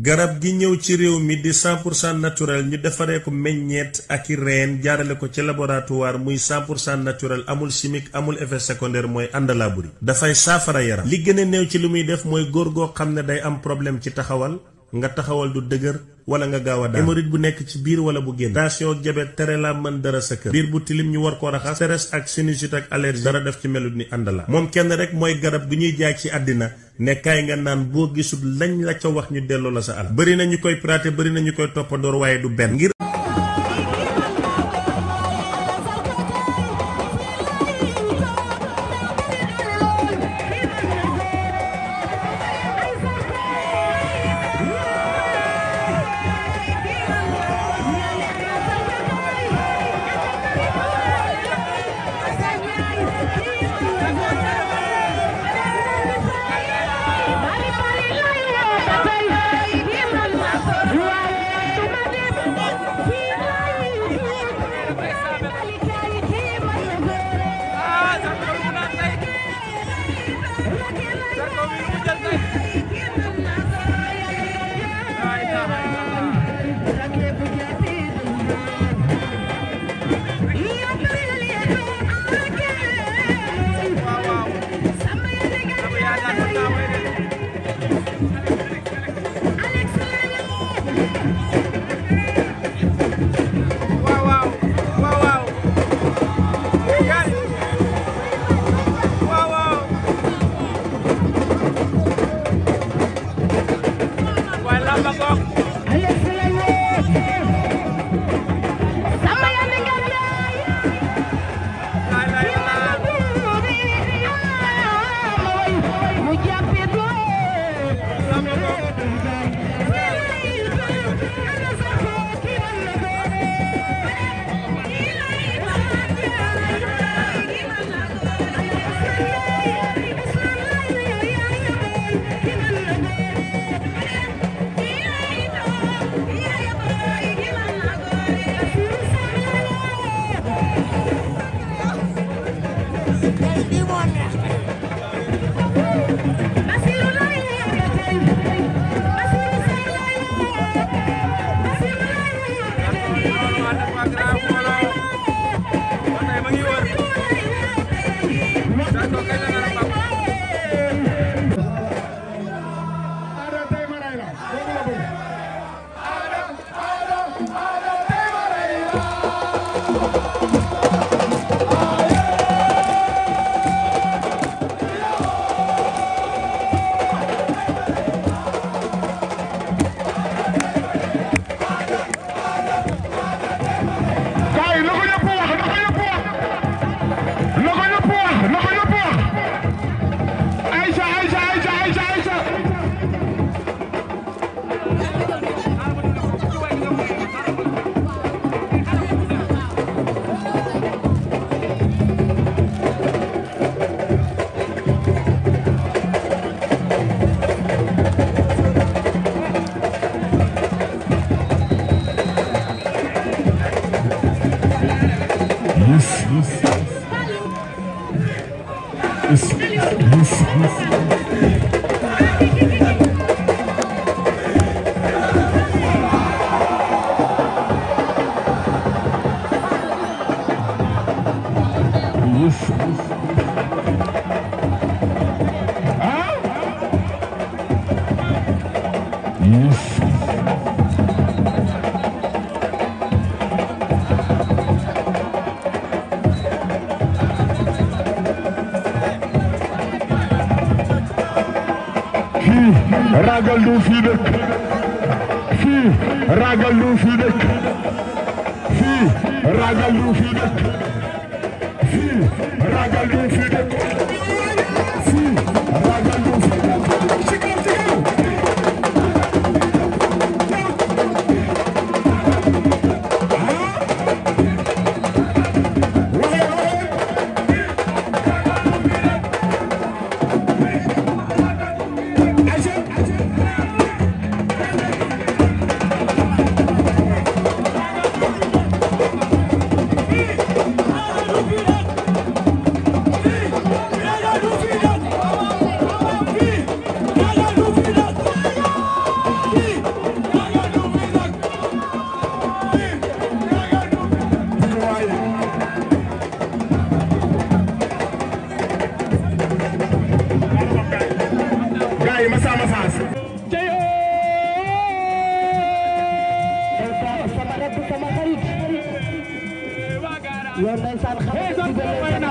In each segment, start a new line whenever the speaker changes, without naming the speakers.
garab gi ñëw ci réew mi di 100 pour cent naturel ñu defaree ko meññeet ak i reen jaarale ko ci laboratoire muy 100 pour cent naturel amul chimique amul effet secondaire mooy àndalaaburi dafay saafara yaram li gën a néew ci li muy def mooy góor goo xam ne day am problème ci taxawal nga taxawal du dëgër wala nga gaawa a daan hémorroïde bu nekk ci biir wala bu génn tension ak tere la mën dara sa kër biir bu tilim ñu war koo raxas stress ak sinusite ak allergie dara def ci melut ni àndala moom kenn rek mooy garab gi ñuy jaay ci àddina ne kaay nga naan boo gisul lañ la ca wax ñu delloo la sa alal bëri na ñu koy praté bari na ñu koy toppandoor waaye du benn ngir
baby bi moo neex Diouf ah Diouf fii ragal du fi dëkk fii ragal du fi dëkk fii ragal du fi dëkk ragal du fi dëkk loolu day sànq. xëy na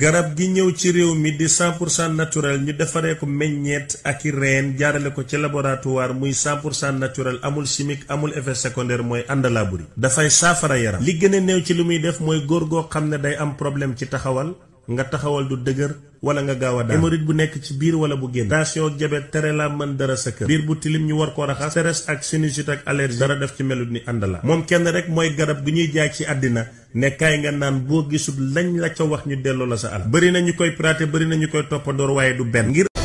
garab gi ñëw ci réew mi di cent pour cent naturel ñu defaree ko meññeet ak i reen jaarale ko ci laboratoire muy cent pour cent naturel amul chimique amul effet secondaire mooy àndalaaburi dafay saafara yaram li gën a new ci li muy def mooy góor goo xam ne day am problème ci taxawal nga taxawal du dëgër wala nga gaaw a daan hémorroïde bu nekk ci biir wala bu génn tension jabet tere laa mën dara sa kër biir bu tilim ñu war ko raxas stress ak sinusite ak allergie dara def ci melut ni àndala moom kenn rek mooy garab gi ñuy jaay ci àddina nekkaay nga naan boo gisul lañ la ca wax ñu delloo la sa alal bari na ñu koy praté bëri na ñu koy toppandoor waaye du benn ngir